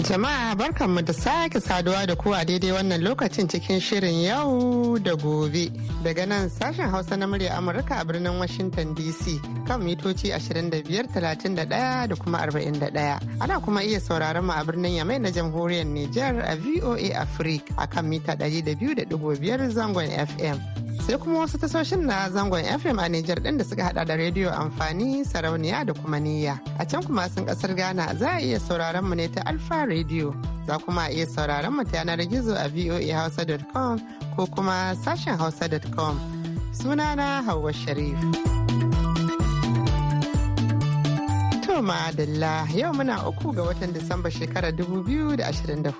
Jama'a barkan barkanmu da sake saduwa da kuwa daidai wannan lokacin cikin shirin yau da gobe. Daga nan sashen Hausa na murya Amurka a birnin Washington DC kan mitoci 25,31 da kuma 41. Ana kuma iya sauraron mu a birnin Yamai na jamhuriyar Nijar a VOA Africa a kan mita 200.5 zangon FM. sai kuma wasu tasoshin na zangon fm a Nijar ɗin da suka hada da rediyo amfani sarauniya da kuma niyya a can kuma sun kasar ghana za a iya sauraron mu ne ta alfa rediyo za kuma iya sauraron mu ta yanar gizo a voahausa.com ko kuma sashen hausa.com na hauwa sharif madalla yau muna uku ga watan disamba shekarar 2024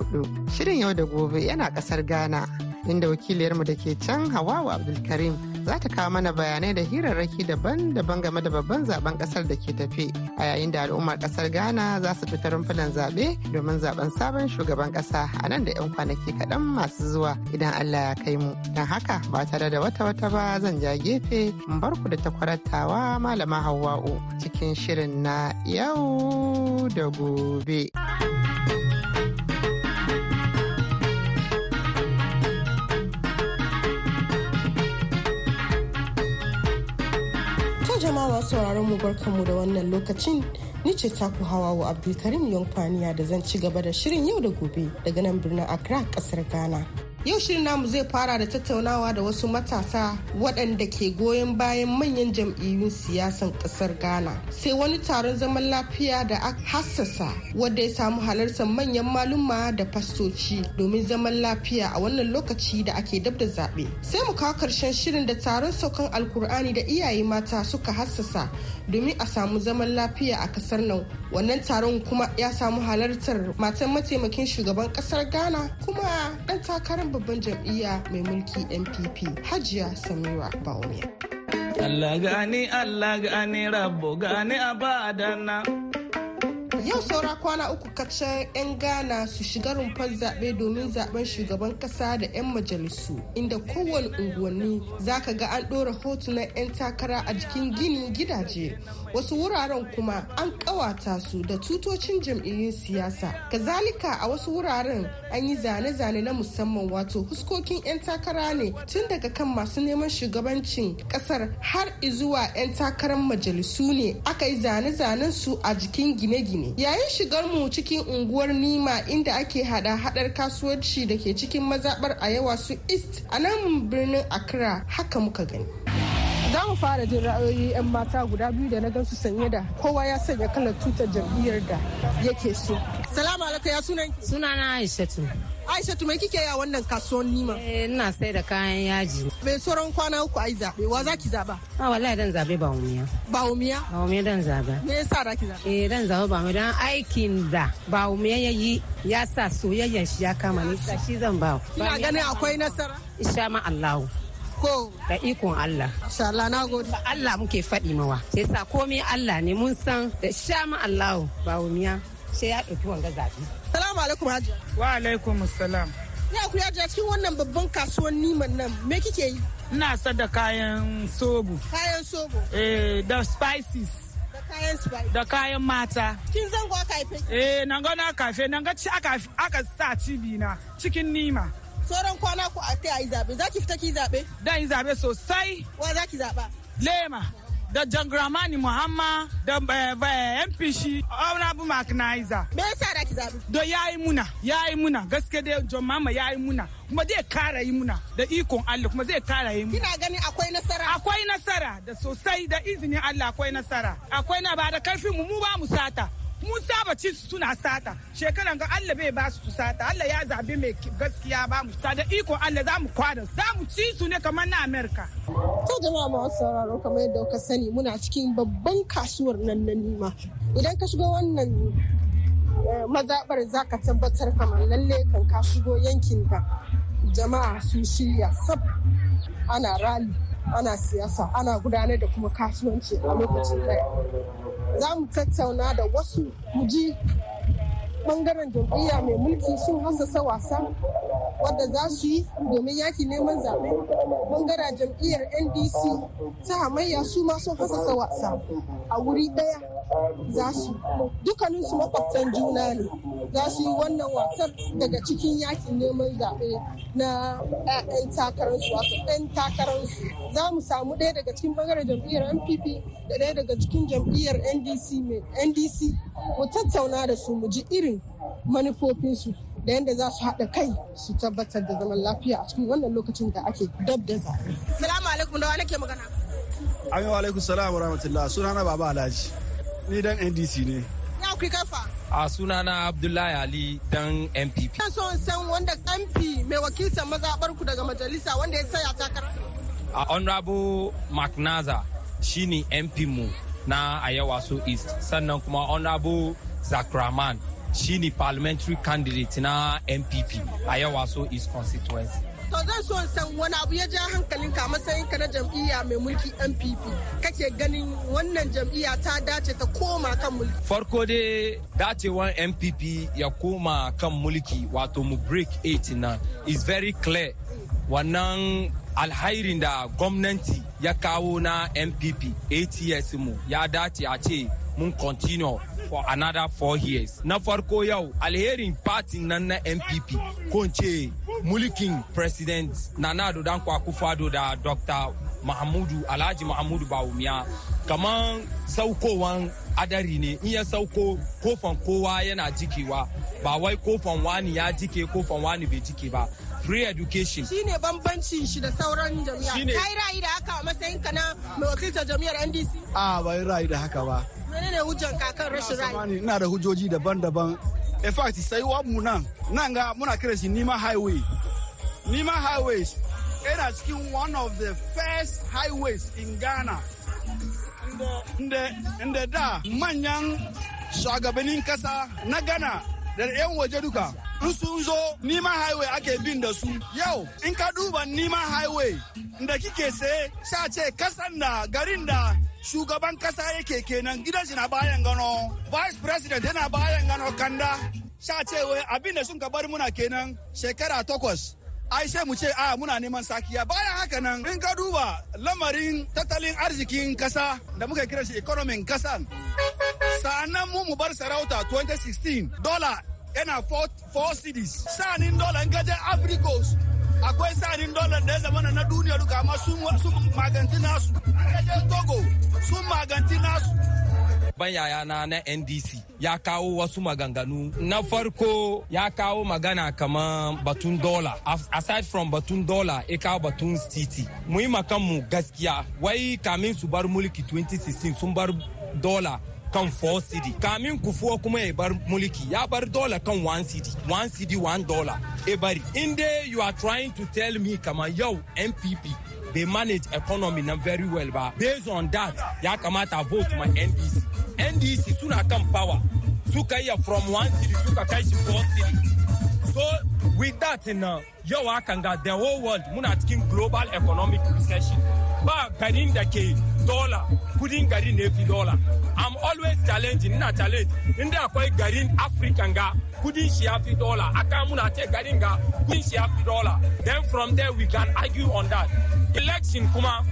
shirin yau da gobe yana kasar ghana inda wakiliyarmu da ke can Hawawa Abdulkarim za ta kawo mana bayanai da hirarraki daban-daban game da babban zaben kasar da ke tafe a yayin da al'ummar kasar Ghana za su fita rumfunan zaɓe domin zaben sabon shugaban kasa a nan da 'yan kwanaki kaɗan masu zuwa idan Allah ya kai mu. Don haka ba tare da wata-wata ba zan ja gefe in bar ku da takwarattawa malama hawa'u cikin shirin na yau da gobe. jama'a sauraron mu barkanmu da wannan lokacin ni ce taku hawawu abdulkarim yankwaniya da zan ci gaba da shirin yau da gobe daga nan birnin accra kasar ghana Yau shirin namu zai fara da tattaunawa da wasu matasa waɗanda ke goyon bayan manyan jam'iyyun siyasan ƙasar Ghana. Sai wani taron zaman lafiya da aka hassasa wadda ya samu halartar manyan maluma da fastoci domin zaman lafiya a wannan lokaci da ake dab da zaɓe. Sai mu kawo karshen shirin da taron saukan alkur'ani da iyaye mata suka hassasa domin a samu zaman lafiya a ƙasar nan. Wannan taron kuma ya samu halartar matan mataimakin shugaban ƙasar Ghana kuma ɗan takarar babban jam'iyya mai mulki npp hajiya samira baumia Allah gani Allah gani rabbo gani abadana Yau saura kwana uku kacal 'yan Ghana su shiga rumfar zaɓe domin zaɓen shugaban ƙasa da 'yan majalisu inda kowane unguwanni za ka ga an ɗora hotunan 'yan takara a jikin gini gidaje. Wasu wuraren kuma an ƙawata su da tutocin jam'iyyun siyasa. Kazalika a wasu wuraren an yi zane-zane na musamman wato huskokin 'yan takara ne tun daga kan masu neman shugabancin ƙasar har izuwa 'yan takarar majalisu ne aka yi zane-zanen su a jikin gine-gine. yayin shigar mu cikin unguwar nima inda ake hada hadar kasuwanci da ke cikin mazabar a yawa su east a nan birnin accra haka muka gani Za mu fara jin ra'ayoyi 'yan mata guda biyu da na gan su sanye da kowa ya sanya kalar tutar jam'iyyar da yake so. Salamu alaikum ya sunan? na Aishatu. Aishatu mai kike ya wannan kasuwan nima? Eh ina sai da kayan yaji. Bai sauran kwana uku ai zabe wa zaki zaba? Ah wallahi dan zabe ba umiya. Ba umiya? Ba umiya dan zaba. Me yasa zaki zaba? Eh dan zaba ba mu dan aikin da ba umiya yayi ya sa soyayyen shi ya kama ni shi zan ba. Ina ganin akwai nasara? Insha Allah. ko da ikon Allah insha Allah na gode Allah muke faɗi mawa sai sa komai Allah ne mun san da sha ma Allah ba miya sai ya ɗauki wanga zaɓi salamu alaikum Hajji. wa alaikum assalam ya ku yaji cikin wannan babban kasuwan niman nan me kike yi ina sada kayan sobo kayan sobo eh da spices kayan da kayan mata. Kin zango aka haife? Eh, nan ga na kafe, nan ga ci aka sa cibi na cikin nima. sauran kwana ku a ta yi zaɓe za ki fita ki zaɓe? Dan yi zaɓe sosai. Wa za ki zaɓa? Lema. da jangramani muhamma da eh, eh, mp shi honorable mark me yasa da ki zaɓe? da yayi muna yayi muna gaske da john mama yayi muna kuma zai kara yi muna da ikon allah kuma zai kara yi muna kina gani akwai nasara akwai nasara da sosai da izinin allah akwai nasara akwai na ba da karfin mu mu ba mu sata musa saba ci suna sata shekaran ga Allah bai ba su sata Allah ya zabi mai gaskiya ba mu da iko Allah za mu kwada za mu ci su ne kamar na Amerika. Ta jama'a ma sauraro kamar yadda ka sani muna cikin babban kasuwar nan na nima idan ka shiga wannan eh, mazaɓar za ka tabbatar kamar lalle kan ka shigo yankin ka jama'a su shirya sab ana rali ana siyasa ana gudanar da kuma kasuwanci a lokacin daya. za mu tattauna da wasu muji ji bangaren jam'iyya mai mulki sun hasasa wasa wadda za su yi domin yaki neman zaɓe bangaren jam'iyyar ndc ta hamayya su ma sun hasasa wasa a wuri ɗaya za su dukkanin su makwabtan juna ne za su yi wannan wasan daga cikin yakin neman zaɓe na 'ya'yan takararsu wato 'yan takararsu za mu samu ɗaya daga cikin bangaren jam'iyyar npp da ɗaya daga cikin jam'iyyar ndc mu tattauna da su mu ji irin manufofinsu da yadda za su haɗa kai su tabbatar da zaman lafiya a cikin wannan lokacin da ake dab da zaɓe. Salamu alaikum da wa nake magana. Amin wa alaikum salam wa rahmatullah na baba alhaji. Ni dan NDC ne. Ya ku kafa? A suna na Abdullahi Ali dan MPP. Ina so san wanda MP mai wakiltar mazaɓar ku daga majalisa wanda ya tsaya takara. A Honorable Macnaza shine MP mu na Ayawaso East sannan kuma Honorable Zakraman shine parliamentary candidate na MPP Ayawaso East constituency. To zan so in san wani abu ya ja ka matsayin ka na jam'iyya mai mulki NPP kake ganin wannan jam'iyya ta dace ta koma kan mulki. Farko dai dacewan NPP ya koma kan mulki wato mu break 8 na is very clear wannan alhairin da gwamnati ya kawo na NPP ATS mu ya dace a ce mun continue for another four years. Na farko yau alherin fatin nan na NPP ko ce mulkin president Nana Dodan Kwakufado da Dr. Mahamudu Alhaji Mahamudu Bawumiya kaman saukowan adari ne in ya sauko kofan kowa yana jikewa ba wai kofan wani ya jike kofan wani bai jike ba free education shine bambancin shi da sauran jami'a kai ra'ayi da haka a matsayin ka na mai wakiltar jami'ar NDC a ba ra'ayi da haka ba menene hujjan ka kan rashin ra'ayi ina da hujjoji daban-daban in fact sai wa mu nan nan ga muna kira shi Nima Highway Nima Highways yana cikin one of the first highways in Ghana inda da manyan shugabannin kasa na Ghana da yan waje duka in sun zo nima highway ake bin da su yau in ka duba nima highway da kike saye sa ce kasan da garin da shugaban kasa yake kenan gidan shi na bayan gano vice president yana bayan gano kanda sha ce wai abin da sun ka bar muna kenan shekara takwas ai sai mu ce a muna neman sakiya bayan haka nan in ka duba lamarin tattalin arzikin kasa da muka kira shi economy kasan sa'annan mu mu bar sarauta 2016 dola yana 4 cities sa'anin dola gajen africos akwai sa'anin dola da ya zama na duniya duka amma sun maganti nasu gajen togo sun maganti nasu ban yayana na ndc ya kawo wasu maganganu na farko ya kawo magana kamar batun dola aside from batun dola ya kawo batun city mu yi mu gaskiya wai kamin su bar mulki 2016 sun bar dola kan 4 cd kamin ku fuwa kuma ya bar mulki ya bar dola kan 1 cd 1 cd 1 dola e bari in dai you are trying to tell me kama yau npp they manage economy na very well ba based on that ya kamata vote my ndc ndc suna kan power suka iya from 1 cd suka kai shi 4 cd so with that in na yau hakan ga the whole world muna cikin global economic recession ba garin da ke dola kudin gari ne fi dola i'm always challenging ina challenge inda akwai garin african ga kudin shi ya fi dola aka muna ce garin ga kudin shi ya fi dola then from there we can argue on that election kuma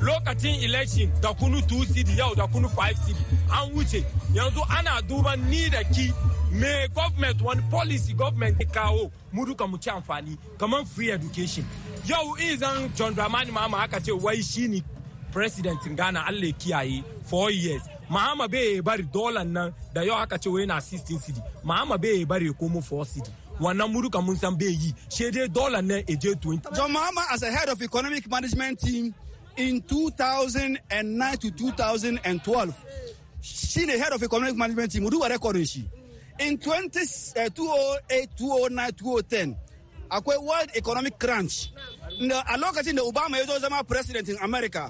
lokacin election da kunu 2 cd yau da kunu 5 cd an wuce yanzu ana duba ni da ki me government wani policy government kawo mu duka mu ci amfani kamar free education yau izan john ma mama aka ce wai shi ne president Ghana Allah kiyaye 4 years Mahama bai bari dolan nan da yau aka ce yana 16 city Mahama bai bari komo 4 city wannan muruka mun san bai yi she dai dolan nan eje 20 John Mahama as a head of economic management team in 2009 to 2012 she ne head of economic management team duba rekodin shi in 20, uh, 2008 2009 2010 akwai world economic crunch a lokacin da obama ya zo zama in america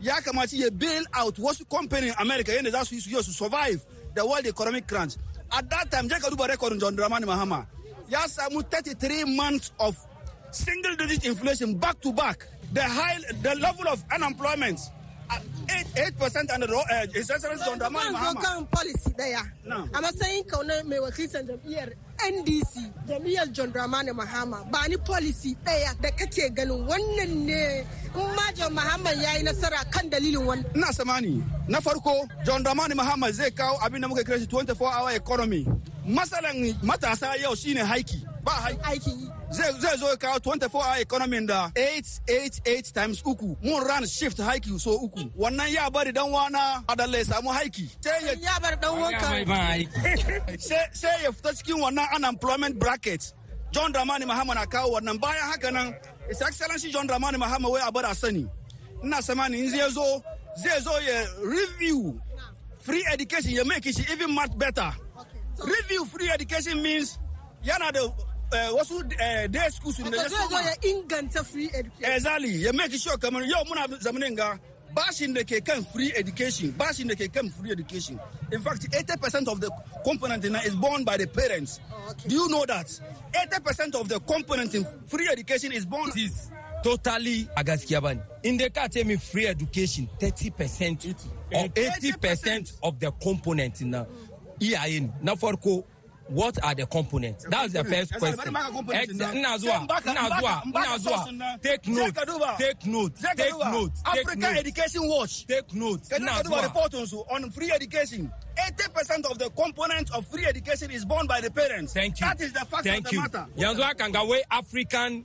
ya kamaci ya bail out company in america yadda za su yi to survive the world economic crunch at that time je ka duba rekodin john dramani mahama I'm samu 33 months of single digit inflation back to back the high the level of unemployment 8% and eh, his excellency John Dramani policy A mai wakiltar jam'iyyar NDC jam'iyyar John Dramani Mahama ba ni policy daya da kake ganin wannan ne in ma John Mahama ya yi nasara kan dalilin wannan. Ina samani na farko John Dramani Mahama zai kawo abin da muka kira shi 24 hour economy. Matsalan matasa yau shine haiki ba haiki. zai zo ka 24 hour economy da 888 times uku mun ran shift haiki so uku wannan ya bari dan wana adalle samu haiki ya bari dan wanka sai ya fita cikin wannan unemployment bracket John Dramani Mahama na kawo wannan bayan haka nan His Excellency John Dramani Mahama wai a sani ina samani in zai zo zai zo ya review free education ya make shi even much better. review free education means yana da Eh, wasu eh, day school su ne ya inganta free education eh, exactly ya make sure kamar yau muna zamanin ga bashin da ke kan free education bashin da ke kan free education in fact 80% of the component in is born by the parents oh, okay. do you know that 80% of the component in free education is born is totally a gaskiya in the ka of free education 30% or 80% of the component na Now na farko what are the components? That's the first question. Ina zuwa, ina Take note, take note, take note. African Education Watch. Take note. Ina zuwa. report on free education. 80% of the components of free education is borne by the parents. Thank you. That is the fact Thank of the you. matter. Yanzu African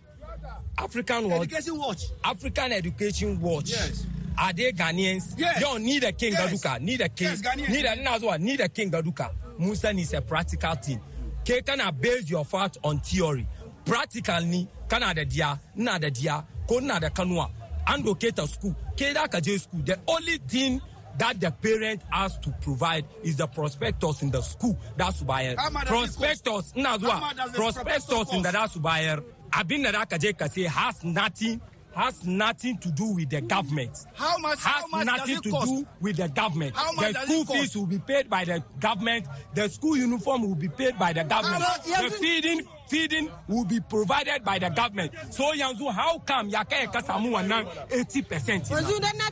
African Watch. Education Watch. African Education Watch. Yes. Are they Ghanaians? Yes. You don't need a King yes. Gaduka. Need a King. Yes, Ghanaians. Need a Need a King Gaduka. Musan is a practical thing. K kana base your fact on theory. Practically, kanada dia, na da dia, ko na da kanwa. Andoketa school, keda kaje school. The only thing that the parent has to provide is the prospectus in the school that's buyer prospectus na as prospectus in the that's buyer abin da kaje je has nothing has nothing to do with the government. How much? Has how much nothing to cost? do with the government. How much the school fees will be paid by the government. The school uniform will be paid by the government. The feeding feeding will be provided by the government. So Yanzu, how come Yaka Kasamu now 80%?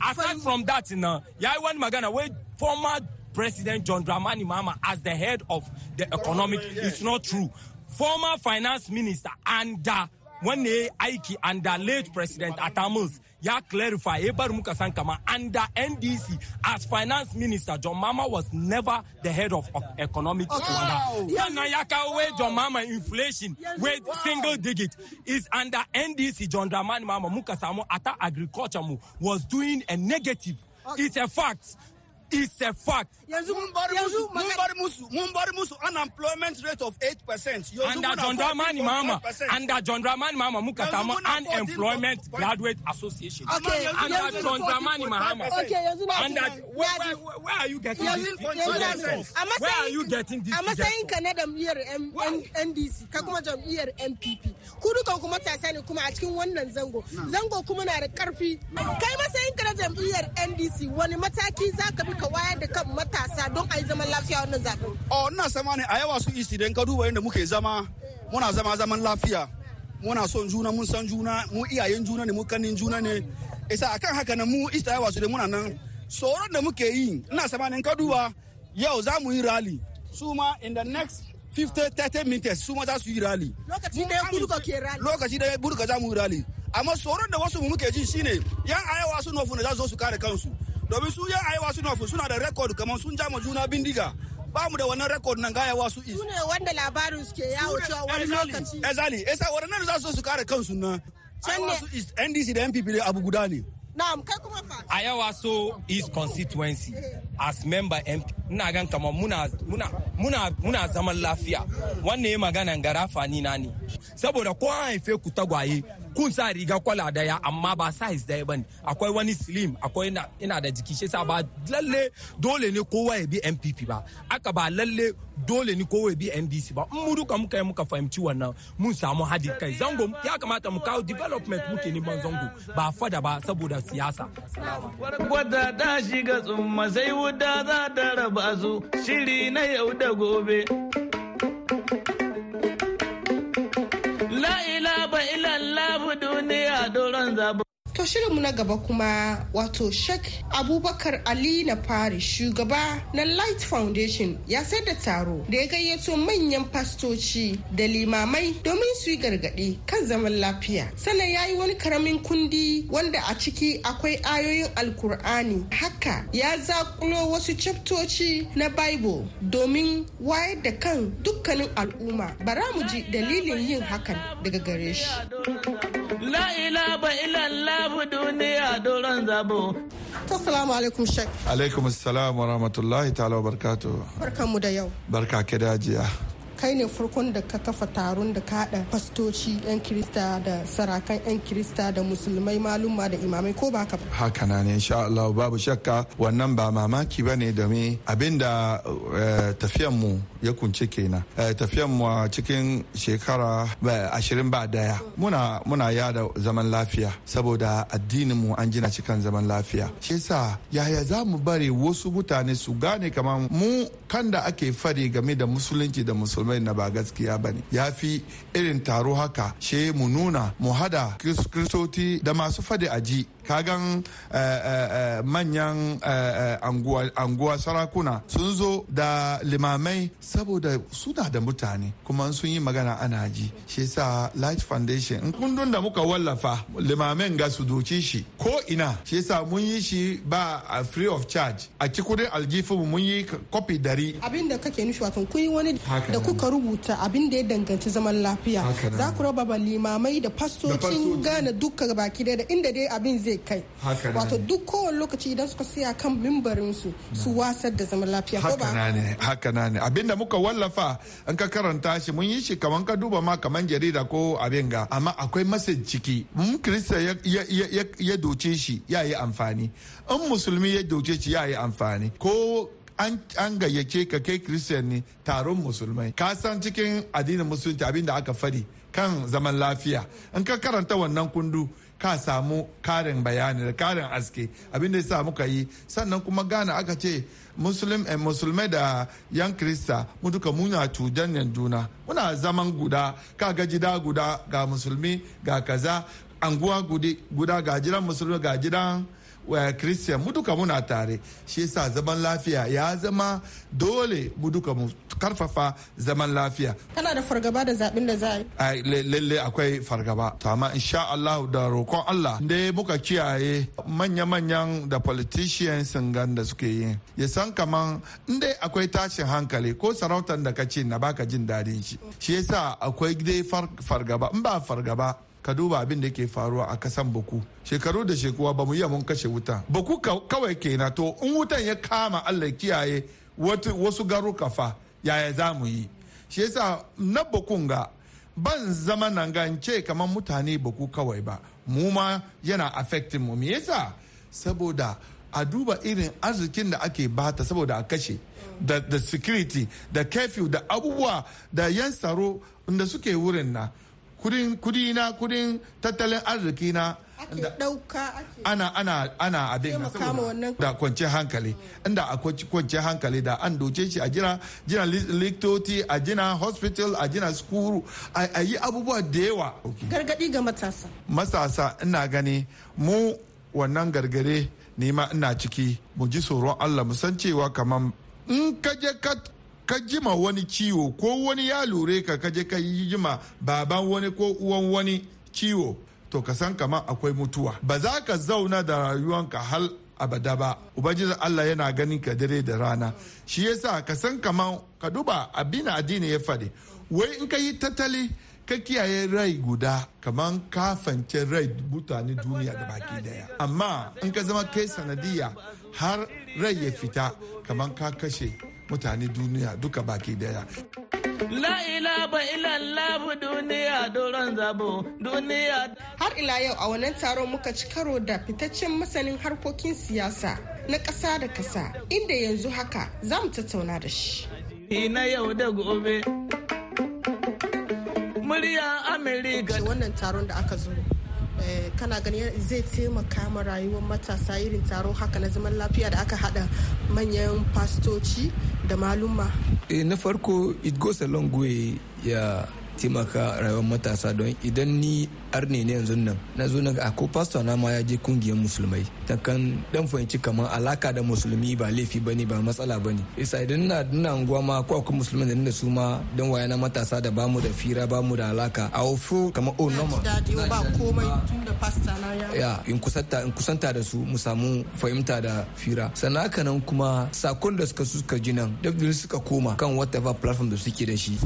Aside from that, now Yaiwan Magana, where former President John Dramani Mama as the head of the economic, it's not true. Former finance minister Anda. When ya yi aiki under late president atamus ya clarify ya eh, bar muka san kama under ndc as finance minister john mama was never the head of economic wow. sannan ya kawo wey john mama inflation wey single digit is under ndc john dramani mama muka samu ata agriculture mu was doing a negative it's a fact it's a fact yanzu mun musu mun musu mun musu unemployment rate of 8% yanzu under John Dramani Mama under John Dramani Mama muka samu unemployment graduate association okay under John Dramani Mama okay where, are you getting this where are you getting this amma sai ka na jam'iyyar NDC ka kuma jam'iyyar MPP ku dukan kuma matasa ne kuma a cikin wannan zango zango wani mataki zaka bi ka wayar da matasa don a yi zaman lafiya wannan zaɓen. Oh, ina sama ne a yawa su isi don ka duba yadda muke zama muna zama zaman lafiya muna son juna mun san juna mu iyayen juna ne mu kanin juna ne isa a kan haka nan mu ista yawa su da muna nan tsoron da muke yi ina sama ne ka duba yau za mu yi rally su ma in the next 50-30 minutes su ma za su yi rally. Lokaci da ya burka ke rally. Lokaci da ya burka za mu yi rally. Amma tsoron da wasu mu muke ji shine yan ayawa su nufu da za su zo su kare kansu. domin su yan arewa suna suna da rekod kamar sun jama juna bindiga ba mu da wannan rekod nan gaya wasu is. Su ne wanda labarin suke yawo cewa wani lokaci. Ezali, esa eh, waɗannan za su su kare kansu na. Can ne. NDC da NPP abu guda ne. Na'am, kai kuma fa. Ayawa so is constituency. Eh. as member MP ina gan kama muna muna muna muna zaman lafiya wannan ya magana gara fani na ne saboda ko an haife ku tagwaye kun sa riga kwala daya amma ba size daya bane akwai wani slim akwai ina da jiki shi sa ba lalle dole ne kowa ya bi MPP ba aka ba lalle dole ne kowa ya bi NDC ba in mu duka muka yi muka fahimci wannan mun samu hadin kai zango ya kamata mu kawo development muke neman zango ba fada ba saboda siyasa gwada da shiga tsumma sai guda za ta raba su shiri na yau da gobe. La ila ba labu duniya doron zaba. To mu na gaba kuma wato Sheikh Abubakar Ali na fari shugaba na Light Foundation ya sayar da taro da ya gayyato manyan fastoci da limamai domin su yi gargaɗi kan zaman lafiya. Sannan ya yi wani karamin kundi wanda a ciki akwai ayoyin Alkur'ani. Haka ya zakulo wasu caftoci na Bible domin wayar da kan dukkanin al'umma. Bara mu ji dalilin yin hakan daga gare shi. la ilaba illallah duniya doron zabo assalamu alaikum shek alaikum assalam wa rahmatullahi ta'ala wa barkatu mu da yau barka ke dajiya kai ne farkon da ka kafa taron da ka haɗa fastoci 'yan kirista da sarakan 'yan kirista da musulmai malumma da imamai ko ba ka ba haka na ne insha Allah babu shakka wannan ba mamaki ba ne domin abinda eh, tafiyan mu ya kunce kenan eh, tafiyan mu a cikin shekara ashirin ba daya muna muna yada zaman lafiya saboda addinin mu an gina cikin zaman lafiya shi yasa yaya za mu bari wasu mutane su gane kamar mu kan da ake fari game da musulunci da musulmai na ba gaskiya bane ya fi irin taro haka she mu nuna mu hada kristoti da masu fadi aji kagan eh, eh, eh, manyan anguwa sarakuna sun zo da limamai saboda suna da mutane kuma sun yi magana ana ji shi sa light foundation in kundun da muka wallafa limamin ga su doki shi ko ina shi sa mun yi shi ba a free of charge a cikin aljifin mun yi kofi dari abin da kake nufi wato kun yi wani da kuka rubuta abin da ya danganci zaman lafiya za ku raba limamai da fasocin gane duka baki da inda dai abin zai zai kai wato duk kowane lokaci idan suka siya kan mimbarinsu su su wasar da zaman lafiya ko ba haka na ne abinda muka wallafa an ka karanta shi mun yi shi kaman ka duba ma kaman jarida ko abin ga amma akwai masaj ciki mun kirista ya doce shi ya yi amfani in musulmi ya doce shi ya yi amfani ko an an gayyace ka kai christian ne taron musulmai ka san cikin addinin musulunci abin da aka fadi kan zaman lafiya in ka karanta wannan kundu ka samu karin bayani da karin aske abinda ya sa muka yi sannan kuma gana aka ce musulmi and eh, musulmai da yan krista mu duka muna cujanyan juna muna zaman guda ka ga gida guda ga musulmi ga kaza anguwa guda ga jiran musulmi ga jiran wa christian mu duka muna tare shi yasa zaman lafiya ya zama dole mu duka mu karfafa zaman lafiya kana da fargaba da zaɓin da za a yi lalle akwai fargaba to amma insha Allah da roƙon Allah da muka kiyaye manya-manyan da politicians gan da suke yi ya san kaman inda akwai tashin hankali ko sarautar da ka ce na baka jin dadin shi shi yasa akwai dai fargaba in ba fargaba ka duba abin da yake faruwa a kasan baku shekaru da shekuwa ba mu iya mun kashe wuta baku kawai kenan to in wutan ya kama allah kiyaye wasu garu kafa. yaya za mu yi shi yasa na bakun ga ban zama nan gance kamar mutane buku kawai ba mu ma yana affecting mu me yasa saboda a duba irin arzikin da ake bata saboda a kashe da, da security da curfew da abubuwa da yan tsaro da suke wurin na kudin kudi na kudin tattalin arziki na ana ana ana abin da kwanci hankali mm. inda a kwanci hankali da an doce shi a jina jina likitoci a jina hospital a jina skuru a yi abubuwa da yawa gargadi ga matasa matasa ina gani mu wannan gargare nema ina ciki mu ji tsoron Allah mu san cewa kamar in ka je ka ka jima wani ciwo ko wani ya lure ka ka je ka yi jima baban wani ko uwan wani ciwo to ka san kama akwai mutuwa ba za ka zauna da rayuwanka hal abada ba ubangiji Allah yana ganin ka dare da rana shi yasa ka san kama ka duba abin addini ya faɗi. wai in ka yi tattali ka kiyaye rai guda kamar kafance rai mutane duniya da baki daya amma in ka zama kai sanadiya har rai ya fita kaman ka kashe mutane duniya duka baki daya. La'ila ba labu duniya doron zabo duniya. Har ila yau a wannan taron muka ci karo da fitaccen masanin harkokin siyasa na ƙasa da ƙasa inda yanzu haka za mu tattauna da shi. Ina yau da gobe. Murya Amerika. Wannan taron da aka zo Eh, kana ganin zai taimaka ma rayuwar matasa irin taro haka na zaman lafiya da aka hada manyan fastoci da malumma eh, na farko it goes a long way ya taimaka rayuwar matasa don idan ni arne ne yanzu nan na zo naga ah, ko pastor na ma ya je kungiyar musulmai ta kan dan fahimci kamar alaka da musulmi ba laifi ba ne ba matsala ba ne. isa idan na dina unguwa ma ko akwai musulmi da da su ma dan waya na matasa da bamu da fira bamu da alaka a ofu kamar oh normal ba komai da pastor na ya ya in kusanta in kusanta da su mu samu fahimta da fira sannan haka nan kuma sakon da suka suka ji nan da suka koma kan whatever platform da suke da shi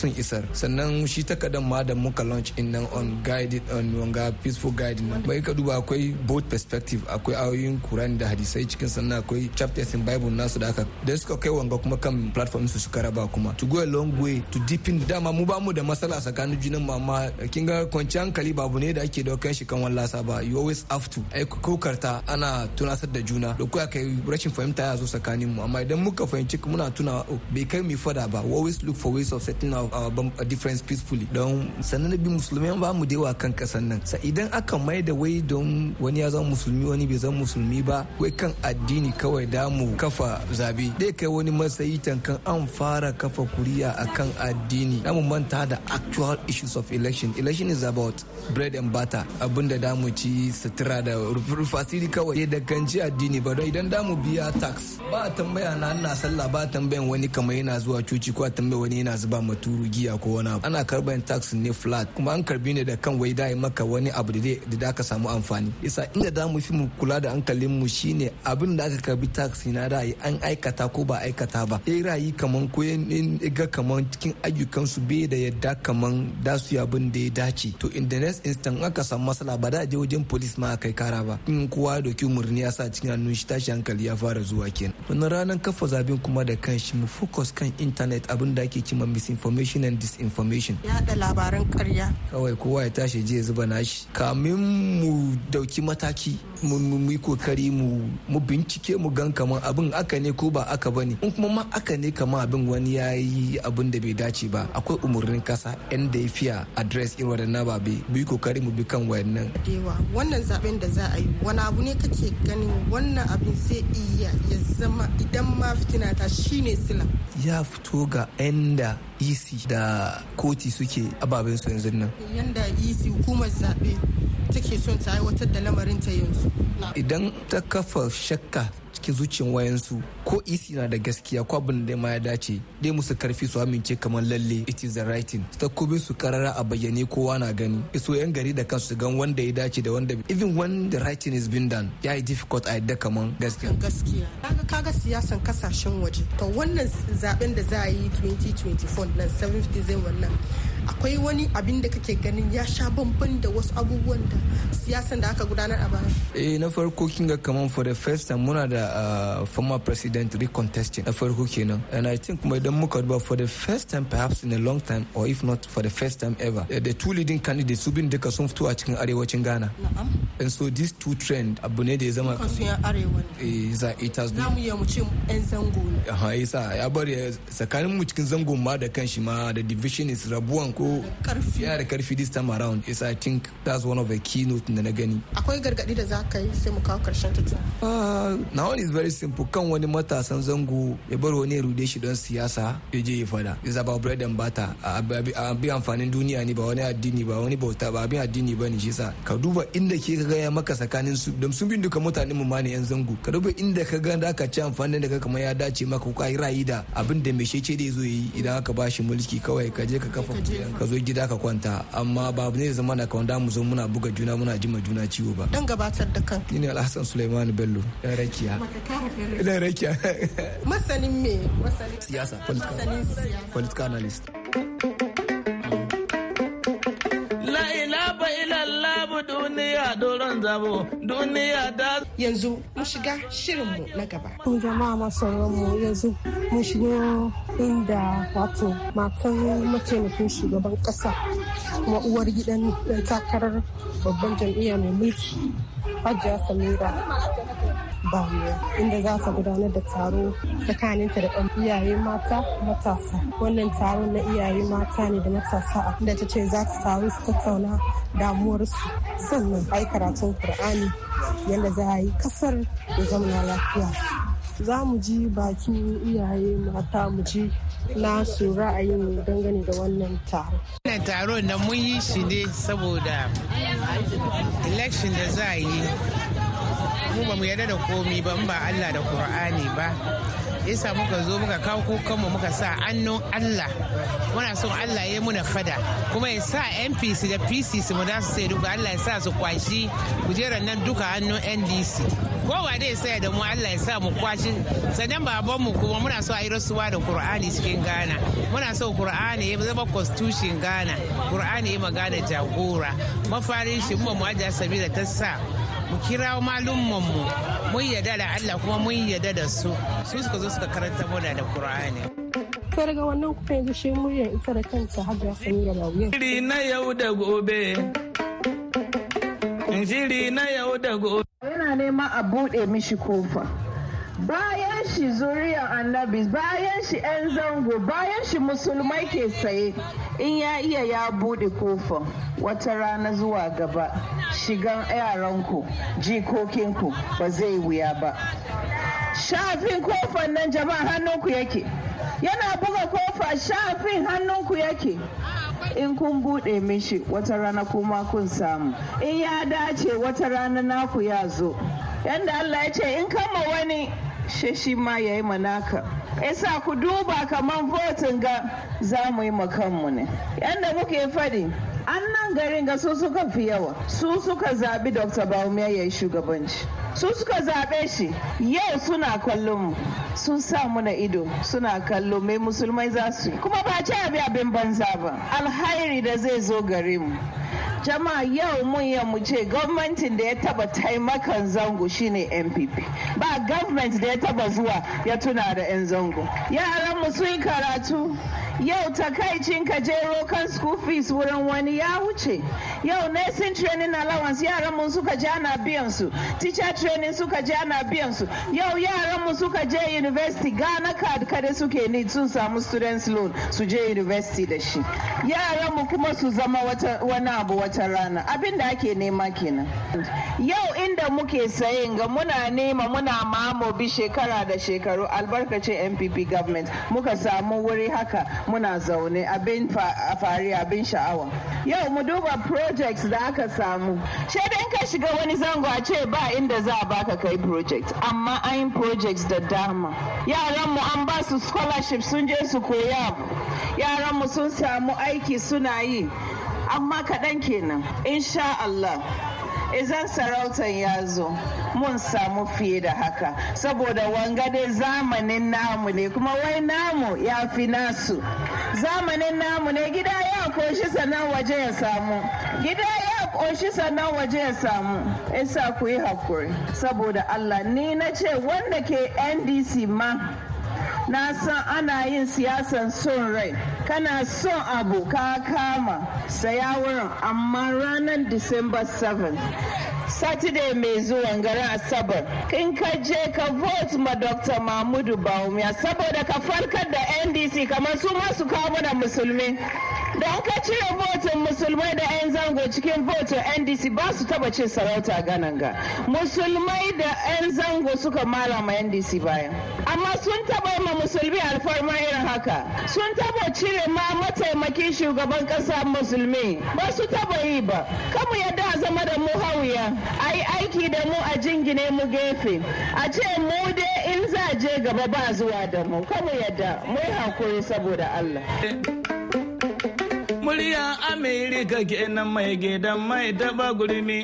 sun isar sannan shi takadan ma da muka launch in nan on guided on wanga peaceful guiding nan bai ka duba akwai both perspective akwai ayoyin Quran da hadisai cikin sannan akwai chapters in Bible nasu da aka da suka kai wanga kuma kan platform su suka raba kuma to go a long way to deepen da dama mu ba mu da masala tsakanin junan mu amma kin ga kwanci hankali babu ne da ake daukar shi kan wallasa ba you always have to ai kokarta ana tunasar da juna da kuwa kai rashin fahimta ya zo tsakanin mu amma idan muka fahimci muna tuna oh, bai kai mu fada ba we always look for ways of settling our, a difference peacefully don sannan bi musulmai ba mu da zuwa kan kasan nan sa idan aka mai da wai don wani ya zama musulmi wani bai zama musulmi ba wai kan addini kawai da mu kafa zabe dai kai wani matsayi kan an fara kafa kuriya akan addini da mu manta da actual issues of election election is about bread and butter abinda da mu ci sutura da rufasiri kawai da ganci addini ba don idan da mu biya tax ba tambaya na ana sallah ba tambayan wani kamar yana zuwa cuci ko tambaya wani yana zuba maturu giya ko wani abu ana karban tax ne flat kuma an karbi ne da kan kan wai dai maka wani abu da da ka samu amfani yasa inda da mu fi mu kula da hankalin mu shine abin da aka karbi tax na rayi an aikata ko ba aikata ba eh rayi kaman ko ga kaman cikin ayyukan su bai da yadda kaman da su bin da ya dace to in the next instant aka samu matsala ba da je wajen police ma kai kara ba in kowa da ki murni ya sa cikin hannun shi tashi hankali ya fara zuwa kenan wannan ranar kafa zabin kuma da kanshi mu focus kan internet abin da ake cima misinformation and disinformation da labaran ƙarya kawai kowa ya tashi je zuba nashi kamin mu dauki mataki mu yi kokari mu bincike mu gan kaman abin aka ne ko ba aka ba ne in kuma ma aka ne kaman abin wani ya yi abin da bai dace ba akwai umarnin kasa yan da ya fiya adres irin wadannan ba mu yi kokari mu bi kan wayannan. wannan zaben da za a yi wani abu ne kake ganin wannan abin zai iya ya zama idan ma fitina ta shine sila. ya fito ga yan ec da koti suke ababen su yanzu nan yanda ec hukumar zaɓe take son ta aiwatar da lamarin ta yanzu idan ta kafa shakka cikin zuciyan wayansu ko isi e na da gaskiya ko abin da ma ya dace dai musu karfi su amince kamar lalle it is the writing takobin su karara a bayyane kowa na gani iso yan gari da kansu gan wanda ya dace da wanda even when the writing is been done ya yi difficult a yadda kamar gaskiya gaskiya kaga siyasan kasashen waje to wannan zaben da za a yi 2024 nan 7 wannan akwai wani abin da kake ganin ya sha bamban da wasu abubuwan da siyasan da aka gudanar a baya eh na farko kin ga kaman for the first time muna da ah, former president recontesting na farko kenan and i think kuma idan muka duba for the first time perhaps in a long time or if not for the first time ever eh, the two leading candidates su bin duka sun fito a cikin arewacin Ghana na'am and so this two trend abu ne da ya zama kansu yan arewa ne eh za it has been namu ya mu ce yan zango ne aha yasa ya bari eh, tsakanin mu cikin zango ma da kanshi ma da division is rabuwan ko ya da karfi this time around yes i think that's one of the keynote da na gani akwai gargadi da za ka yi sai mu kawo karshen tattun ah, na one is very simple kan wani matasan zango ya bar wani ya rude shi don siyasa ya je ya fada is about bread and butter a bi amfanin duniya ne ba wani addini ba wani bauta ba abin addini ba ne shi sa ka duba inda ke ka gaya maka tsakanin su don sun bin duka mutanen mu ma ne yan zango ka duba inda ka ga da ka ci amfanin da ka kamar ya dace maka ko ka yi da abin da mai shece da zo yi idan aka ba shi mulki kawai ka je ka kafa ka zo gida ka kwanta amma babu ne zama na kawanda mu zo muna buga juna muna jima juna ciwo ba dan gabatar da kan ni ne alhassan sulaiman bello dan rakiya dan rakiya masanin me masanin siyasa political analyst zabo duniya da yanzu mu shiga shirinmu na gaba. Kun jama'a mu yanzu mun shigo inda wato matan mataimakin shugaban kasa kuma uwar gidan takarar babban jam'iyya mai mulki Hajiya Samira Borno inda za ta gudanar da taro tsakaninta da ɗan iyaye mata matasa. Wannan taron na iyaye mata ne da matasa a inda ta ce za ta taru su tattauna damuwarsu sannan ai karatun Kur'ani yadda za a yi kasar da zauna lafiya. Za mu ji bakin iyaye mata mu ji nasu ra'ayin dangane da wannan taro. Wannan taron na mun yi shi ne saboda election da za a yi mu ba mu yarda da komi ba in ba Allah da Qur'ani ba isa muka zo muka kawo kukanmu muka sa annon Allah muna son Allah ya muna fada kuma ya sa NPC da PC su mu da su sai duka Allah ya sa su kwashi kujerar nan duka hannun NDC kowa ya saya da mu Allah ya sa mu kwashi sannan baban mu kuma muna so a yi rasuwa da Kur'ani cikin Ghana muna so Kur'ani ya zama constitution Ghana Kur'ani ya magana jagora mafarin shi mu mu ajiya sabida ta sa mu kira malum mu mun yarda da Allah kuma mun yarda da su su suka zo suka karanta mu da Qur'ani sai daga wannan kuma yanzu shi muryar ita da kanta hajjia da lawiyar. Shiri na yau da gobe. Shiri na yau da gobe. Yana neman a buɗe mishi kofa. bayan shi zuriyar annabi bayan shi 'yan zango bayan shi musulmai ke saye in ya iya ya bude kofin wata rana zuwa gaba shigan yaranku jikokinku ba zai wuya ba shafin kofan nan jama'a hannunku yake yana buga kofa shafin hannunku yake in kun bude mishi wata rana kuma kun samu in ya dace wata rana naku ya zo yadda Allah ya ce in ka she shi ma ya yi manaka sa ku duba kamar votin ga za mu yi kanmu ne yadda muke faɗi an nan garin ga su suka fi yawa su suka zaɓi dr baumia ya yi shugabanci su suka zaɓe shi yau suna kallon mu sun sa muna ido suna kallo mai musulmai za su yi kuma ba ce abin banza ba alhairi da zai zo gare mu jama'a yau mun ya ce gwamnatin da ya taba taimakan zango shine npp ba gwamnati da ya taba zuwa ya tuna da 'yan zango yaran mu sun karatu yau takaicin ka je rokan school fees wurin wani ya wuce yau nursing training allowance yaran mu suka je ana biyan su teacher training suka je ana biyan su yau yaran mu suka je university gana card kada suke ni sun samu students loan su je university da shi yaran mu kuma su zama wani abu wata rana abin da ake nema kenan yau inda muke sayin ga muna nema muna bi shekara da shekaru albarkacin npp government muka samu wuri haka muna zaune abin fari abin sha'awa yau mu duba projects da aka samu shaida in ka shiga wani zango a ce ba inda za a baka kai project amma an yi projects da dama yaran mu an ba su scholarship sun je su koya yaran mu sun samu aiki suna yi amma kaɗan kenan insha Allah izan sarautan ya zo mun samu fiye da haka saboda wanga dai zamanin namu ne kuma wai namu ya fi nasu zamanin namu ne gida ya koshi sannan waje ya samu gida ya koshi sannan waje ya samu isa ku yi hakuri saboda Allah ni na ce wanda ke NDC ma na san ana yin siyasan son rai kana son abu ka kama saya amma ranar december 7 saturday mai zuwan garin asabar in ka je ka vote ma dr mahmudu bawumia saboda ka farkar da ndc kamar su masu kawo mana musulmi idan ka cire votin musulmai da 'yan zango cikin votin ndc ba su taba cin sarauta ganin ga musulmai da 'yan zango suka malama ndc bayan amma sun taba ma musulmi alfarma irin haka sun taba cire ma mataimakin shugaban kasa musulmi ba su taba yi ba kamu yadda zama da mu hauya a yi aiki da mu a jingine mu gefe a ce mu dai in za je gaba ba zuwa da mu kamu yadda mu yi hankuri saboda allah murya amerika kenan mai gidan mai daba gurmi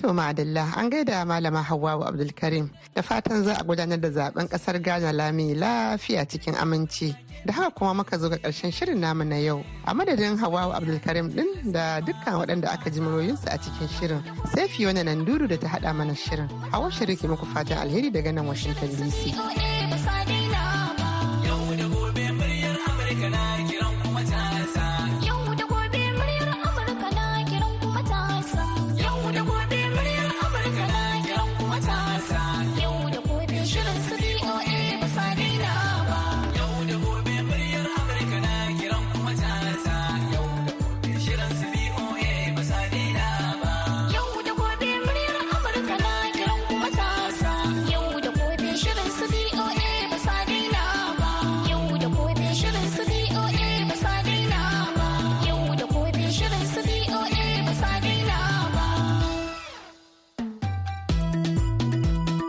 To Madalla an gaida Malama Hawwa Abdulkarim da fatan za a gudanar da zaben kasar Ghana lami lafiya cikin aminci. Da haka kuma muka zo ga karshen shirin namu na yau. A madadin wa Abdulkarim din da dukkan waɗanda aka ji muryoyinsu a cikin shirin. Sai nan Nanduru da ta haɗa mana shirin. Hawa ke muku fatan alheri daga nan Washington DC.